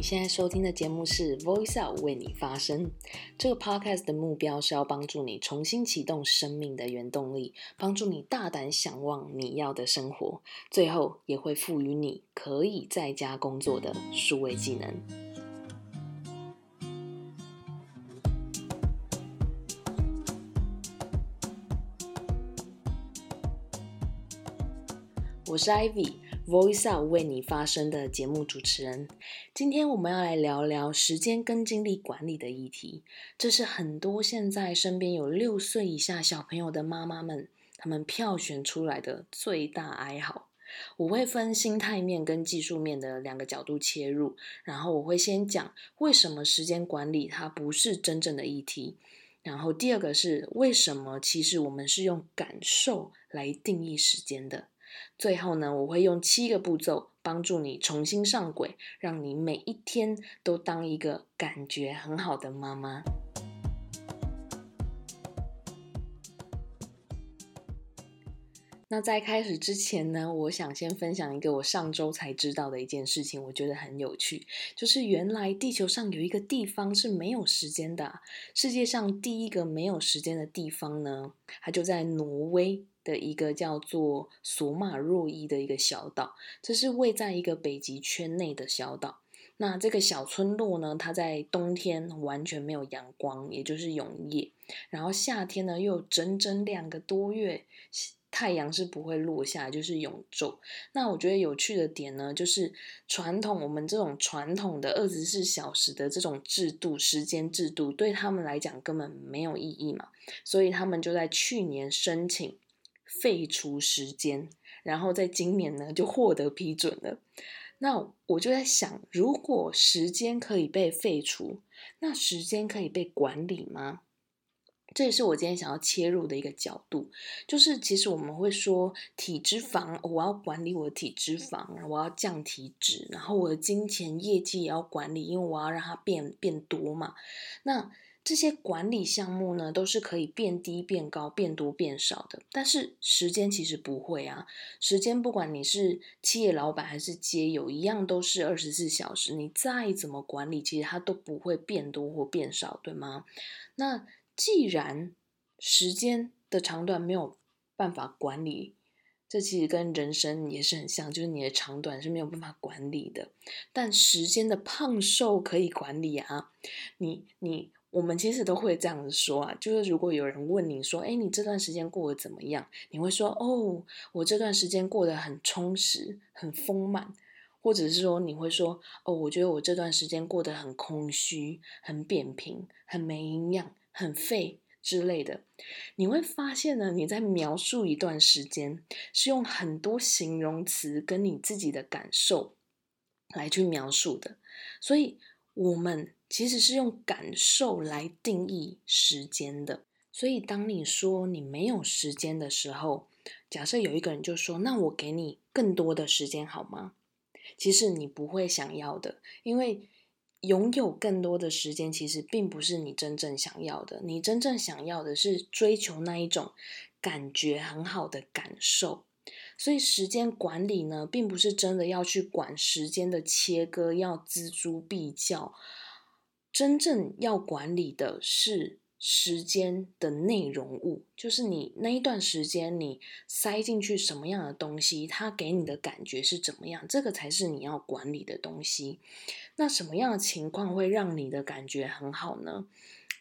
你現在收聽的節目是《Voice Out》，為你發聲。這個 Podcast 的目標是要幫助你重新啟動生命的原動力，幫助你大膽想望你要的生活，最後也會賦予你可以在家工作的數位技能。我是 Ivy。Voice Up 為你發聲的節目主持人，今天我們要來聊聊時間跟精力管理的議題。這是很多現在身邊有六歲以下小朋友的媽媽們，她們票選出來的最大哀嚎。我會分心態面跟技術面的兩個角度切入，然後我會先講為什麼時間管理它不是真正的議題，然後第二個是為什麼其實我們是用感受來定義時間的。最後呢，我會用七個步驟幫助你重新上軌，讓你每一天都當一個感覺很好的媽媽。那在開始之前呢，我想先分享一個我上周才知道的一件事情，我覺得很有趣，就是原來地球上有一個地方是沒有時間的。世界上第一個沒有時間的地方呢，它就在挪威的一個叫做索馬若伊的一個小島，這是位在一個北極圈內的小島。那這個小村落呢，它在冬天完全沒有陽光，也就是永夜；然後夏天呢，又整整兩個多月。太陽是不會落下，就是永晝。那我覺得有趣的點呢，就是傳統我們這種傳統的二十四小時的這種制度，時間制度對他們來講根本沒有意義嘛，所以他們就在去年申請廢除時間，然後在今年呢就獲得批准了。那我就在想，如果時間可以被廢除，那時間可以被管理嗎？這也是我今天想要切入的一個角度，就是其實我們會說體脂肪，我要管理我的體脂肪，我要降體脂，然後我的金錢業績也要管理，因為我要讓它變變多嘛。那這些管理項目呢，都是可以變低、變高、變多、變少的。但是時間其實不會啊，時間不管你是企業老闆還是街友，一樣都是二十四小時，你再怎麼管理，其實它都不會變多或變少，對嗎？那。既然時間的長短沒有辦法管理，這其實跟人生也是很像，就是你的長短是沒有辦法管理的。但時間的胖瘦可以管理啊！你你，我們其實都會這樣子說啊，就是如果有人問你說，哎，你這段時間過得怎麼樣？你會說，哦，我這段時間過得很充實、很豐滿，或者是說，你會說，哦，我覺得我這段時間過得很空虛、很扁平、很沒營養。很廢之類的，你會發現呢，你在描述一段時間是用很多形容詞跟你自己的感受來去描述的，所以我們其實是用感受來定義時間的。所以當你說你沒有時間的時候，假設有一個人就說：“那我給你更多的時間好嗎？”其實你不會想要的，因為。擁有更多的時間，其實並不是你真正想要的。你真正想要的是追求那一種感覺很好的感受。所以時間管理呢，並不是真的要去管時間的切割，要錙銖必較。真正要管理的是。時間的內容物，就是你那一段時間你塞進去什麼樣的東西，它給你的感覺是怎麼樣？這個才是你要管理的東西。那什麼樣的情況會讓你的感覺很好呢？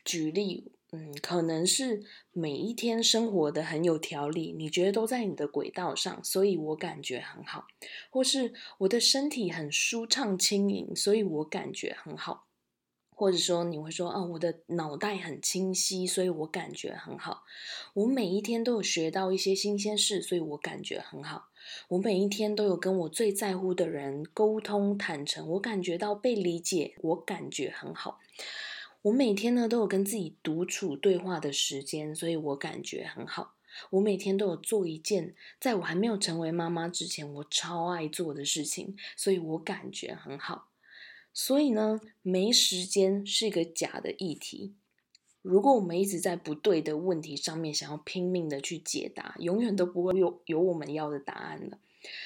舉例，嗯，可能是每一天生活的很有條理，你覺得都在你的軌道上，所以我感覺很好；或是我的身體很舒暢輕盈，所以我感覺很好。或者說你會說啊，我的腦袋很清晰，所以我感覺很好。我每一天都有學到一些新鮮事，所以我感覺很好。我每一天都有跟我最在乎的人溝通、坦誠，我感覺到被理解，我感覺很好。我每天呢都有跟自己獨處對話的時間，所以我感覺很好。我每天都有做一件在我還沒有成為媽媽之前我超愛做的事情，所以我感覺很好。所以呢，沒時間是一個假的議題。如果我們一直在不對的問題上面，想要拼命的去解答，永遠都不會有有我們要的答案了。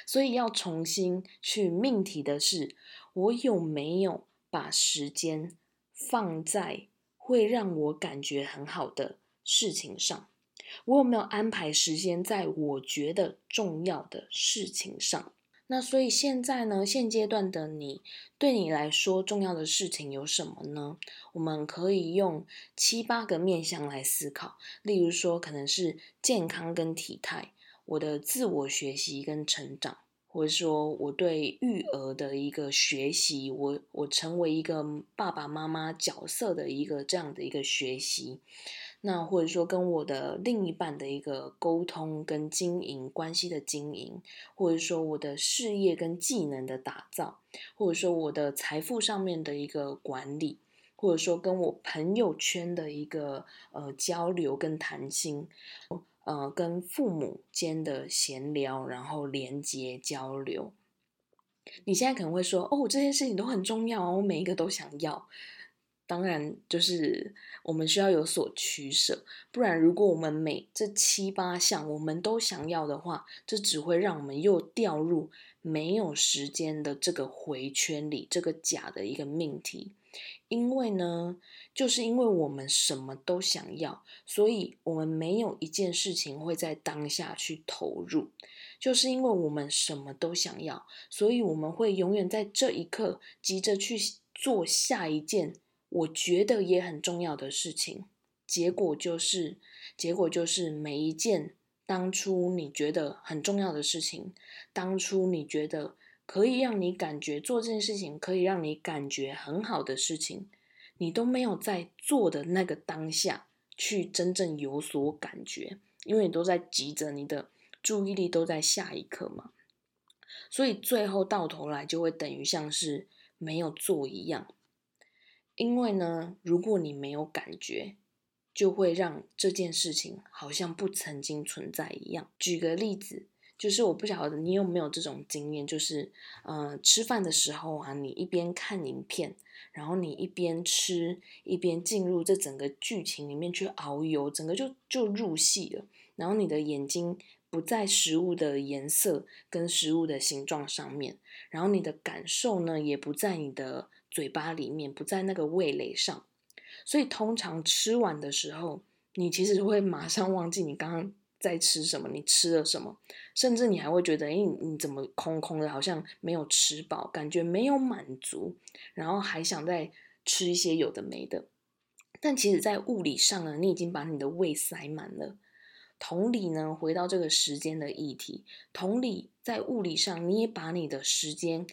所以要重新去命題的是，我有沒有把時間放在會讓我感覺很好的事情上？我有沒有安排時間在我覺得重要的事情上？那所以現在呢？現階段的你，對你來說重要的事情有什麼呢？我們可以用七八個面向來思考，例如說，可能是健康跟體態，我的自我學習跟成長，或者說我對育兒的一個學習，我我成為一個爸爸媽媽角色的一個這樣的一個學習。那或者說跟我的另一半的一個溝通跟經營，關係的經營，或者說我的事業跟技能的打造，或者說我的財富上面的一個管理，或者說跟我朋友圈的一個呃交流跟談心，呃，跟父母間的閒聊，然後連接交流。你現在可能會說，哦，這些事情都很重要哦，我每一個都想要。當然，就是我們需要有所取捨，不然如果我們每這七八項我們都想要的話，這只會讓我們又掉入沒有時間的這個回圈裡，這個假的一個命題。因為呢，就是因為我們什麼都想要，所以我們沒有一件事情會在當下去投入，就是因為我們什麼都想要，所以我們會永遠在這一刻急着去做下一件。我覺得也很重要的事情，結果就是，結果就是每一件當初你覺得很重要的事情，當初你覺得可以讓你感覺做這件事情可以讓你感覺很好的事情，你都沒有在做的那個當下去真正有所感覺，因為你都在急着，你的注意力都在下一刻嘛，所以最後到頭來就會等於像是沒有做一樣。因為呢，如果你沒有感覺，就會讓這件事情好像不曾經存在一樣。舉個例子，就是我不曉得你有沒有這種經驗，就是，嗯、呃，吃飯的時候啊，你一邊看影片，然後你一邊吃，一邊進入這整個劇情裡面去遨游，整個就就入戲了。然後你的眼睛不在食物的顏色跟食物的形狀上面，然後你的感受呢也不在你的。嘴巴裡面不在那個味蕾上，所以通常吃完的時候，你其實會馬上忘記你剛剛在吃什麼，你吃了什麼，甚至你還會覺得，哎，你怎麼空空的，好像沒有吃飽，感覺沒有滿足，然後還想再吃一些有的沒的。但其實在物理上呢，你已經把你的胃塞滿了。同理呢，回到這個時間的議題，同理在物理上，你也把你的時間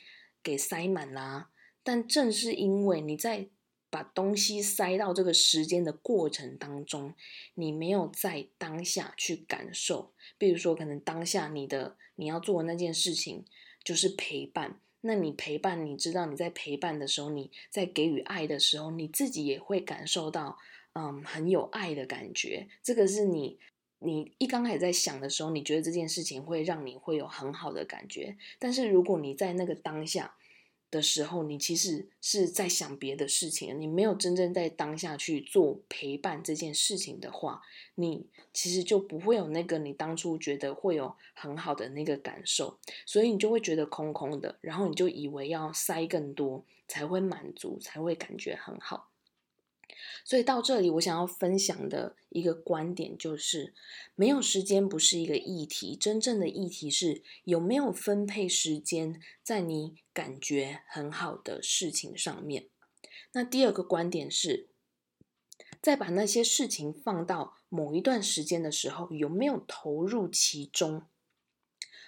給塞滿了啊。但正是因為你在把東西塞到這個時間的過程當中，你沒有在當下去感受。比如說，可能當下你的你要做的那件事情就是陪伴，那你陪伴，你知道你在陪伴的時候，你在給予愛的時候，你自己也會感受到，嗯，很有愛的感覺。這個是你你一剛開始在想的時候，你覺得這件事情會讓你會有很好的感覺。但是如果你在那個當下，的時候，你其實是在想別的事情，你沒有真正在當下去做陪伴這件事情的話，你其實就不會有那個你當初覺得會有很好的那個感受，所以你就會覺得空空的，然後你就以為要塞更多才會滿足，才會感覺很好。所以到這裡，我想要分享的一個觀點就是，沒有時間不是一個議題，真正的議題是有沒有分配時間在你感覺很好的事情上面。那第二個觀點是，在把那些事情放到某一段時間的時候，有沒有投入其中，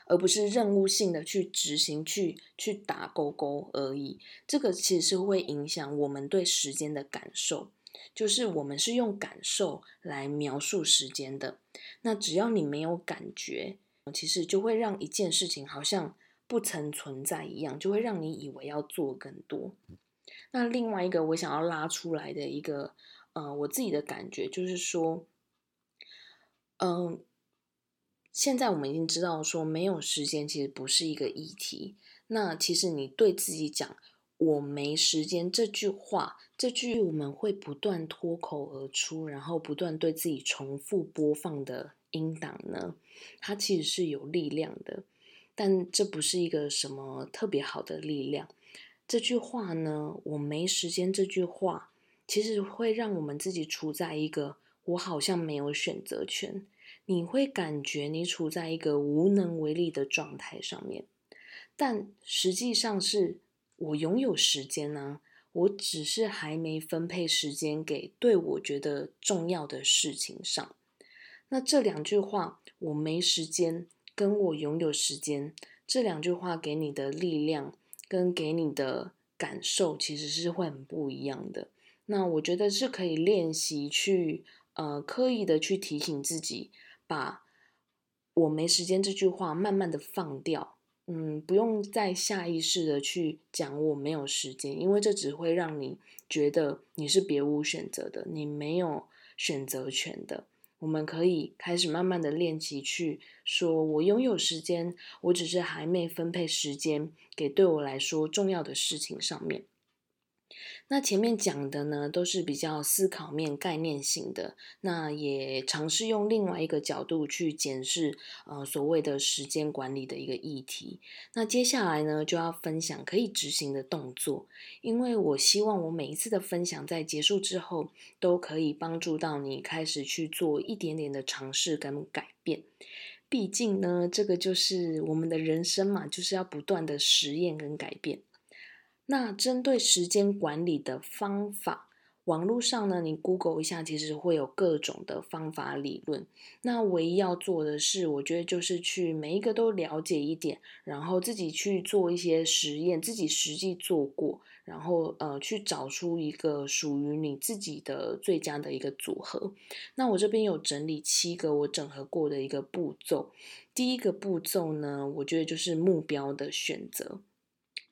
而不是任務性的去執行、去去打勾勾而已。這個其實是會影響我們對時間的感受。就是我們是用感受來描述時間的，那只要你沒有感覺，其實就會讓一件事情好像不曾存在一樣，就會讓你以為要做更多。那另外一個我想要拉出來的一個呃，我自己的感覺就是說，嗯，呃，現在我們已經知道說沒有時間其實不是一個議題，那其實你對自己講。我沒時間這句話，這句我們會不斷脫口而出，然後不斷對自己重複播放的音檔呢，它其實是有力量的，但這不是一個什麼特別好的力量。這句話呢，我沒時間這句話，其實會讓我們自己處在一個我好像沒有選擇權，你會感覺你處在一個無能為力的狀態上面，但實際上是。我擁有時間啊，我只是還沒分配時間給對我覺得重要的事情上。那這兩句話“我沒時間”跟我擁有時間這兩句話給你的力量跟給你的感受其實是會很不一樣的。那我覺得是可以練習去呃刻意的去提醒自己，把“我沒時間”這句話慢慢的放掉。嗯，不用再下意識的去講我沒有時間，因為這只會讓你覺得你是別無選擇的，你沒有選擇權的。我們可以開始慢慢的練習去說，我擁有時間，我只是還沒分配時間給對我來說重要的事情上面。那前面講的呢，都是比較思考面、概念性的。那也嘗試用另外一個角度去檢視，呃，所謂的時間管理的一個議題。那接下來呢，就要分享可以執行的動作，因為我希望我每一次的分享在結束之後，都可以幫助到你開始去做一點點的嘗試跟改變。畢竟呢，這個就是我們的人生嘛，就是要不斷的實驗跟改變。那針對時間管理的方法，網絡上呢，你 Google 一下，其實會有各種的方法理論。那唯一要做的是，我覺得就是去每一個都了解一點，然後自己去做一些實驗，自己實際做過，然後呃，去找出一個屬於你自己的最佳的一個組合。那我這邊有整理七個我整合過的一個步驟。第一個步驟呢，我覺得就是目標的選擇。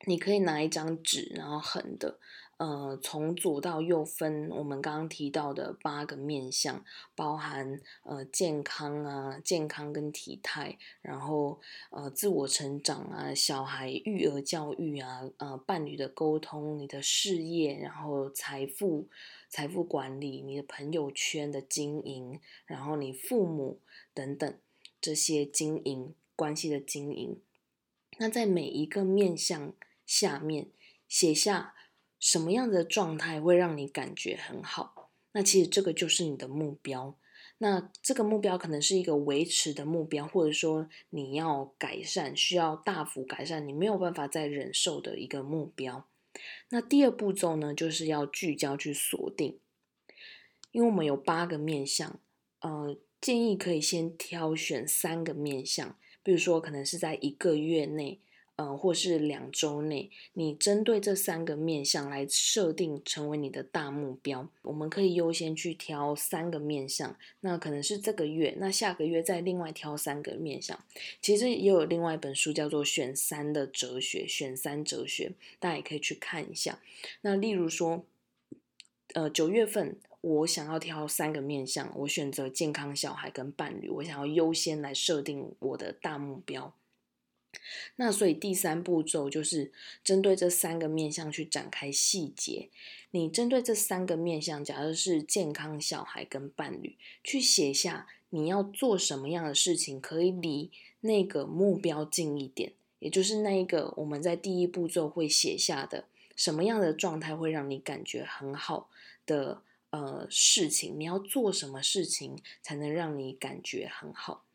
你可以拿一張紙，然後橫的，呃，從左到右分我們剛剛提到的八個面向，包含呃健康啊，健康跟體態，然後呃自我成長啊，小孩育兒教育啊，呃伴侶的溝通，你的事業，然後財富財富管理，你的朋友圈的經營，然後你父母等等這些經營關係的經營。那在每一個面向。下面寫下什麼樣的狀態會讓你感覺很好？那其實這個就是你的目標。那這個目標可能是一個維持的目標，或者說你要改善，需要大幅改善，你沒有辦法再忍受的一個目標。那第二步驟呢，就是要聚焦去鎖定，因為我們有八個面向，呃，建議可以先挑選三個面向，比如說可能是在一個月內。嗯、呃，或是兩周內，你針對這三個面向來設定成為你的大目標。我們可以優先去挑三個面向，那可能是這個月，那下個月再另外挑三個面向。其實也有另外一本書叫做《選三的哲學》，選三哲學，大家也可以去看一下。那例如說，呃，九月份我想要挑三個面向，我選擇健康、小孩跟伴侶，我想要優先來設定我的大目標。那所以第三步驟就是針對這三個面向去展開細節。你針對這三個面向，假如是健康、小孩跟伴侶，去寫下你要做什麼樣的事情可以離那個目標近一點，也就是那一個我們在第一步驟會寫下的什麼樣的狀態會讓你感覺很好的呃事情，你要做什麼事情才能讓你感覺很好？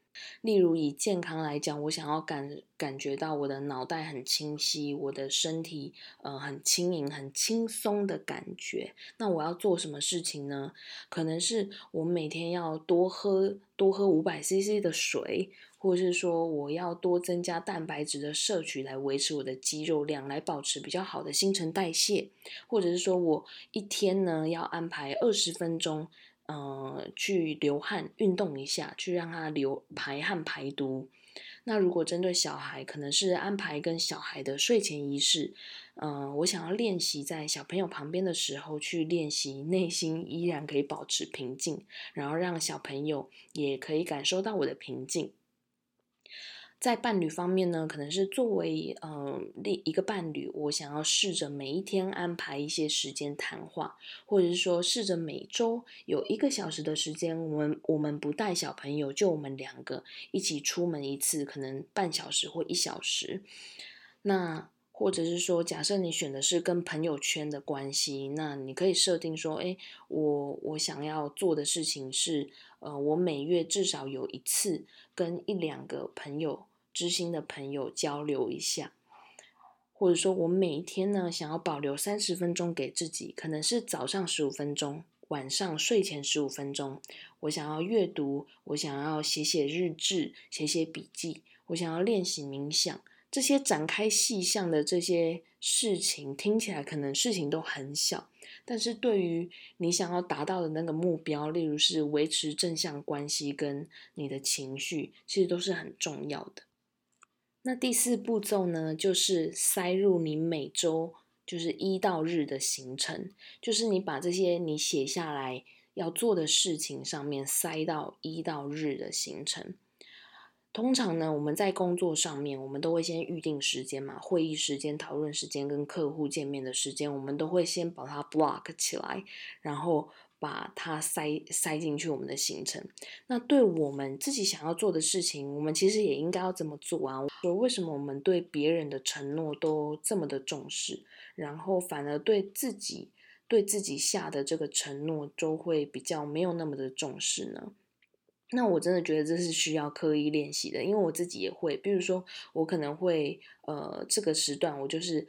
例如以健康來講，我想要感感覺到我的腦袋很清晰，我的身體呃很輕盈、很輕鬆的感覺。那我要做什麼事情呢？可能是我每天要多喝多喝五百 CC 的水，或者是說我要多增加蛋白質的攝取來維持我的肌肉量，來保持比較好的新陳代謝。或者是說我一天呢要安排二十分鐘。嗯、呃，去流汗運動一下，去讓他流排汗排毒。那如果針對小孩，可能是安排跟小孩的睡前儀式。嗯、呃，我想要練習在小朋友旁邊的時候，去練習內心依然可以保持平靜，然後讓小朋友也可以感受到我的平靜。在伴侶方面呢，可能是作為嗯另一個伴侶，我想要試着每一天安排一些時間談話，或者是說試着每周有一個小時的時間，我們我們不帶小朋友，就我們兩個一起出門一次，可能半小時或一小時。那或者是說，假設你選的是跟朋友圈的關係，那你可以設定說，哎，我我想要做的事情是，呃，我每月至少有一次跟一兩個朋友，知心的朋友交流一下，或者說，我每一天呢，想要保留三十分鐘給自己，可能是早上十五分鐘，晚上睡前十五分鐘。我想要閱讀，我想要寫寫日誌，寫寫筆記，我想要練習冥想。這些展開細項的這些事情，聽起來可能事情都很小，但是對於你想要達到的那個目標，例如是維持正向關係跟你的情緒，其實都是很重要的。那第四步驟呢，就是塞入你每周就是一到日的行程，就是你把這些你寫下來要做的事情上面塞到一到日的行程。通常呢，我們在工作上面，我們都會先預定時間嘛，會議時間、討論時間、跟客戶見面的時間，我們都會先把它 block 起來，然後。把它塞塞進去我們的行程，那對我們自己想要做的事情，我們其實也應該要這麼做啊。我說為什麼我們對別人的承諾都這麼的重視，然後反而對自己對自己下的這個承諾就會比較沒有那麼的重視呢？那我真的覺得這是需要刻意練習的，因為我自己也會，比如說我可能會呃這個時段我就是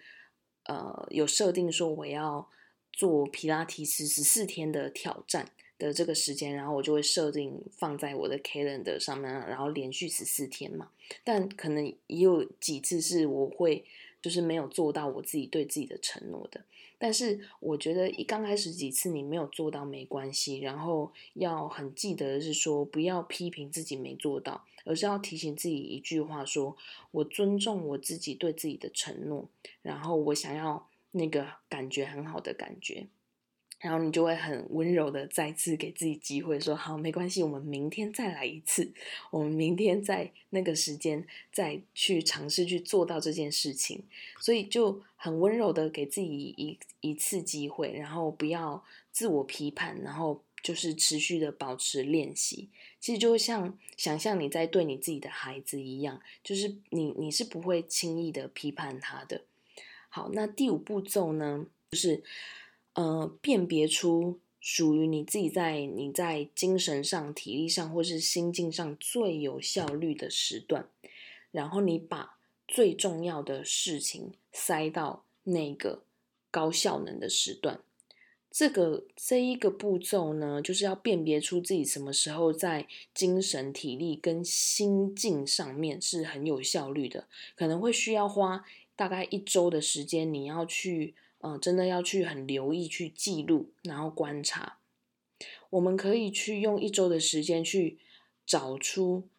呃有設定說我要。做皮拉提斯十四天的挑戰的這個時間，然後我就會設定放在我的 calendar 上面，然後連續十四天嘛。但可能也有幾次是我會就是沒有做到我自己對自己的承諾的。但是我覺得一剛開始幾次你沒有做到沒關係，然後要很記得是說不要批評自己沒做到，而是要提醒自己一句話說：說我尊重我自己對自己的承諾，然後我想要。那個感覺很好的感覺，然後你就會很溫柔的再次給自己機會說，說好沒關係，我們明天再來一次，我們明天在那個時間再去嘗試去做到這件事情，所以就很溫柔的給自己一一次機會，然後不要自我批判，然後就是持續的保持練習。其實就像想象你在對你自己的孩子一樣，就是你你是不會輕易的批判他的。好，那第五步驟呢，就是呃，辨別出屬於你自己在你在精神上、體力上或是心境上最有效率的時段，然後你把最重要的事情塞到那個高效能的時段。這個這一個步驟呢，就是要辨別出自己什麼時候在精神、體力跟心境上面是很有效率的，可能會需要花。大概一週的時間，你要去，嗯、呃，真的要去很留意、去記錄，然後觀察。我們可以去用一週的時間去找出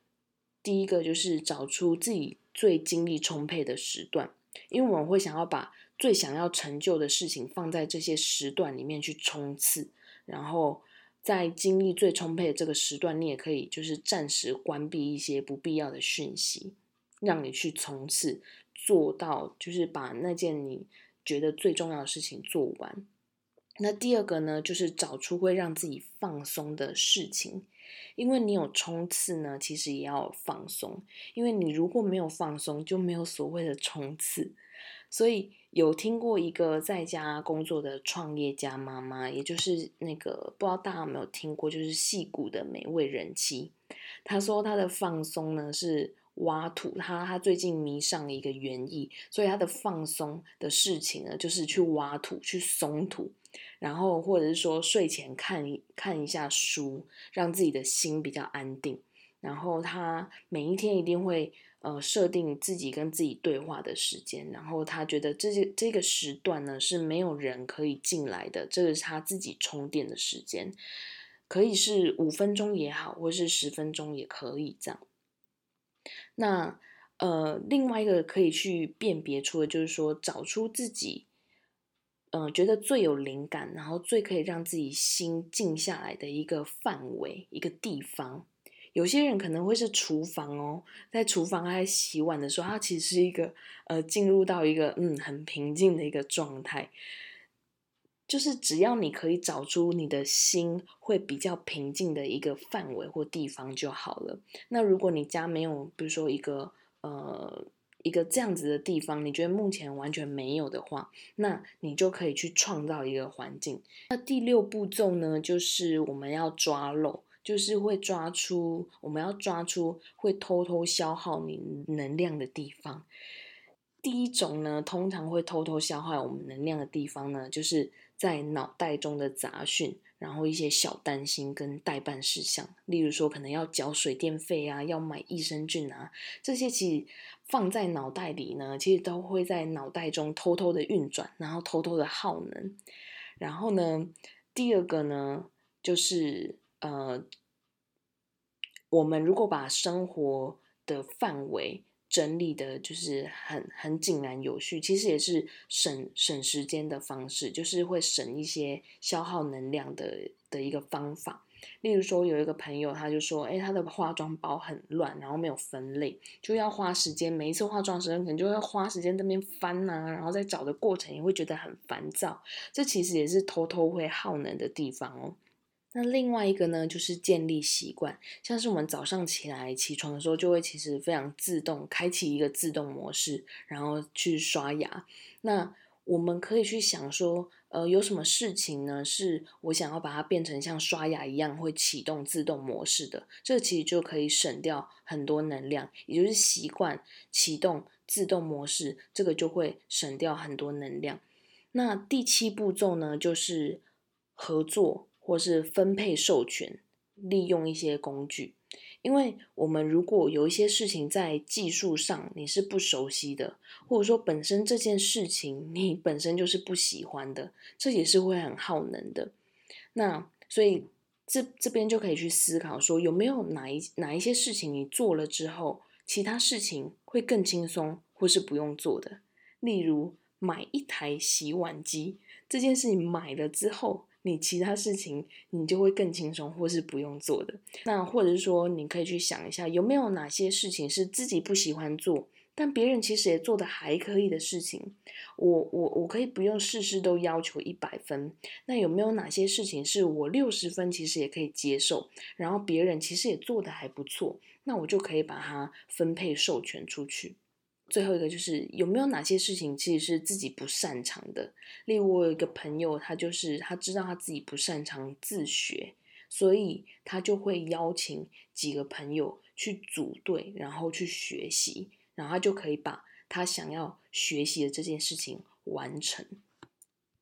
第一個，就是找出自己最精力充沛的時段，因為我們會想要把最想要成就的事情放在這些時段裡面去衝刺。然後在精力最充沛的這個時段，你也可以就是暫時關閉一些不必要的訊息，讓你去衝刺。做到就是把那件你覺得最重要的事情做完。那第二個呢，就是找出會讓自己放鬆的事情，因為你有衝刺呢，其實也要放鬆。因為你如果沒有放鬆，就沒有所謂的衝刺。所以有聽過一個在家工作的創業家媽媽，也就是那個，不知道大家有沒有聽過，就是矽谷的美味人妻，她說她的放鬆呢是。挖土，他他最近迷上了一個園藝，所以他的放鬆的事情呢，就是去挖土，去鬆土，然後或者是說睡前看看一下書，讓自己的心比較安定。然後他每一天一定會呃設定自己跟自己對話的時間，然後他覺得這些這個時段呢是沒有人可以進來的，這是他自己充電的時間，可以是五分鐘也好，或是十分鐘也可以這樣。那，呃，另外一個可以去辨別出的就是說，找出自己，嗯、呃，覺得最有靈感，然後最可以讓自己心靜下來的一個範圍、一個地方。有些人可能會是廚房哦，在廚房還洗碗的時候，他其實是一個，呃，進入到一個嗯很平靜的一個狀態。就是只要你可以找出你的心會比較平靜的一個範圍或地方就好了。那如果你家沒有，比如說一個呃一個這樣子的地方，你覺得目前完全沒有的話，那你就可以去創造一個環境。那第六步驟呢，就是我們要抓漏，就是會抓出我們要抓出會偷偷消耗你能量的地方。第一種呢，通常會偷偷消耗我們能量的地方呢，就是。在腦袋中的雜訊，然後一些小擔心跟待辦事項，例如說可能要繳水電費啊，要買益生菌啊，這些其實放在腦袋裡呢，其實都會在腦袋中偷偷的運轉，然後偷偷的耗能。然後呢，第二個呢，就是呃，我們如果把生活的範圍。整理的就是很很井然有序，其實也是省省時間的方式，就是會省一些消耗能量的的一個方法。例如說，有一個朋友，他就說，誒、哎，他的化妝包很亂，然後沒有分類，就要花時間。每一次化妝時，可能就會花時間在那邊翻吶、啊，然後在找的過程也會覺得很煩躁。這其實也是偷偷會耗能的地方哦。那另外一個呢，就是建立習慣，像是我們早上起來起床的時候，就會其實非常自動開啟一個自動模式，然後去刷牙。那我們可以去想說，呃，有什麼事情呢？是我想要把它變成像刷牙一樣會啟動自動模式的，這其實就可以省掉很多能量，也就是習慣啟動自動模式，這個就會省掉很多能量。那第七步驟呢，就是合作。或是分配授權，利用一些工具，因為我們如果有一些事情在技術上你是不熟悉的，或者說本身這件事情你本身就是不喜歡的，這也是會很耗能的。那所以這這邊就可以去思考說，有沒有哪一哪一些事情你做了之後，其他事情會更輕鬆，或是不用做的。例如買一台洗碗機這件事情買了之後，你其他事情你就會更輕鬆，或是不用做的。那或者說，你可以去想一下，有沒有哪些事情是自己不喜歡做，但別人其實也做的還可以的事情。我我我可以不用事事都要求一百分。那有沒有哪些事情是我六十分其實也可以接受，然後別人其實也做的還不錯，那我就可以把它分配授權出去。最後一個就是有沒有哪些事情其實是自己不擅長的。例如我有一個朋友，他就是他知道他自己不擅長自學，所以他就會邀請幾個朋友去組隊，然後去學習，然後他就可以把他想要學習的這件事情完成。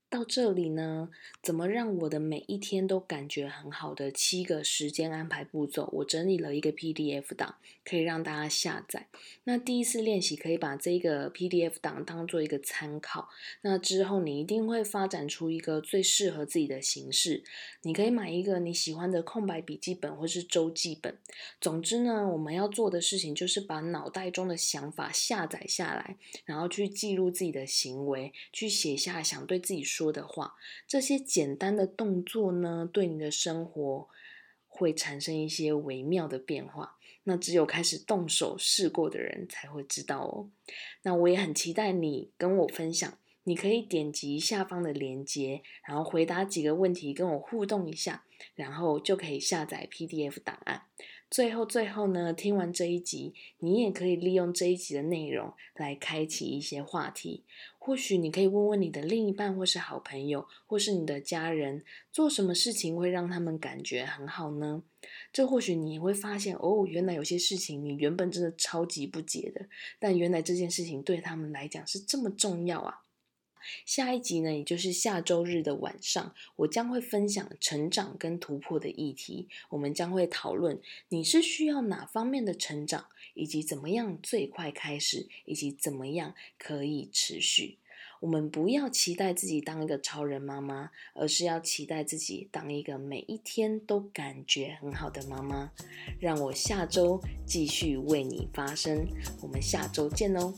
到這裡呢，怎麼讓我的每一天都感覺很好的七個時間安排步驟，我整理了一個 PDF 檔，可以讓大家下載。那第一次練習可以把這個 PDF 檔當做一個參考，那之後你一定會發展出一個最適合自己的形式。你可以買一個你喜歡的空白筆記本或是周記本，總之呢，我們要做的事情就是把腦袋中的想法下載下來，然後去記錄自己的行為，去寫下想對自己說。說的話，這些簡單的動作呢，對你的生活會產生一些微妙的變化。那只有開始動手試過的人才會知道哦。那我也很期待你跟我分享，你可以點擊下方的鏈接，然後回答幾個問題，跟我互動一下，然後就可以下載 PDF 檔案。最後，最後呢，聽完這一集，你也可以利用這一集的內容來開啟一些話題。或許你可以問問你的另一半，或是好朋友，或是你的家人，做什麼事情會讓他們感覺很好呢？這或許你會發現，哦，原來有些事情你原本真的超級不解的，但原來這件事情對他們來講是這麼重要啊。下一集呢，也就是下週日的晚上，我將會分享成長跟突破的議題。我們將會討論你是需要哪方面的成長，以及怎麼樣最快開始，以及怎麼樣可以持續。我們不要期待自己當一個超人媽媽，而是要期待自己當一個每一天都感覺很好的媽媽。讓我下週繼續為你發聲，我們下週見哦。